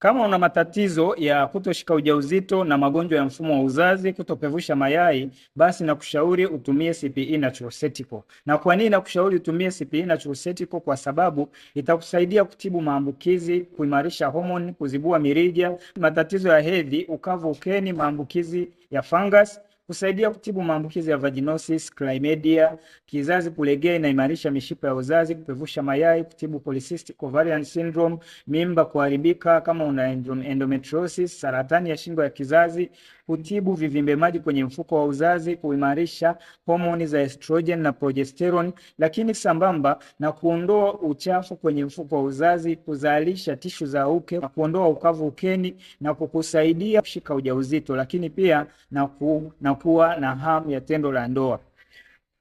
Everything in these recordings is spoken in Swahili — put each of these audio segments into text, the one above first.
Kama una matatizo ya kutoshika ujauzito na magonjwa ya mfumo wa uzazi, kutopevusha mayai, basi nakushauri utumie CPE Naturocetical. Na kwa nini nakushauri utumie CPE Naturocetical? Kwa sababu itakusaidia kutibu maambukizi, kuimarisha homoni, kuzibua mirija, matatizo ya hedhi, ukavu ukeni, maambukizi ya fungus husaidia kutibu maambukizi ya vaginosis, chlamydia, kizazi kulegea, inaimarisha mishipa ya uzazi, kupevusha mayai, kutibu polycystic ovarian syndrome, mimba kuharibika kama una endometriosis, saratani ya shingo ya kizazi, kutibu vivimbe maji kwenye mfuko wa uzazi, kuimarisha homoni za estrogen na progesterone, lakini sambamba na kuondoa uchafu kwenye mfuko wa uzazi, kuzalisha tishu za uke na kuondoa ukavu ukeni na kukusaidia kushika ujauzito, lakini pia na ku, na kuwa na hamu ya tendo la ndoa.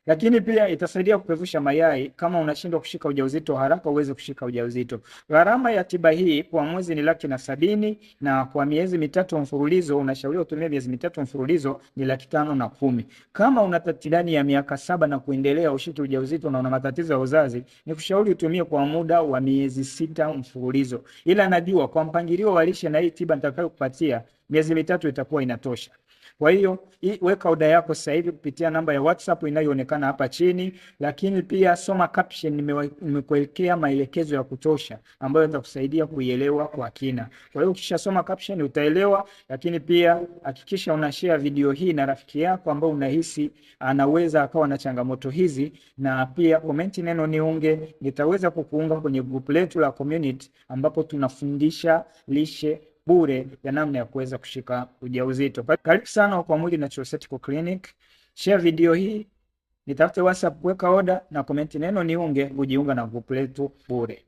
Lakini pia itasaidia kupevusha mayai. Kama unashindwa kushika ujauzito haraka, uweze kushika ujauzito. Gharama ya tiba hii kwa mwezi ni laki na sabini, na kwa miezi mitatu mfululizo, unashauriwa utumie miezi mitatu mfululizo, ni laki tano na kumi. Kama una ndani ya miaka saba na kuendelea ushiki ujauzito na una matatizo ya uzazi, ni kushauri utumie kwa muda wa miezi sita mfululizo, ila najua kwa mpangilio wa lishe na hii tiba nitakayokupatia, miezi mitatu itakuwa inatosha. Kwa hiyo weka oda yako sasa hivi kupitia namba ya WhatsApp inayoonekana hapa chini, lakini pia soma caption. Nimekuwekea maelekezo ya kutosha ambayo yatakusaidia kuielewa kwa kina. Kwa hiyo ukisha soma caption utaelewa, lakini pia hakikisha una share video hii na rafiki yako ambao unahisi anaweza akawa na changamoto hizi, na pia komenti neno niunge, nitaweza kukuunga kwenye group letu la community ambapo tunafundisha lishe bure ya namna ya kuweza kushika ujauzito. Karibu sana kwa Mwili na Chosetical Clinic. Share video hii, nitafute WhatsApp, weka oda na komenti neno niunge, kujiunga na grupu letu bure.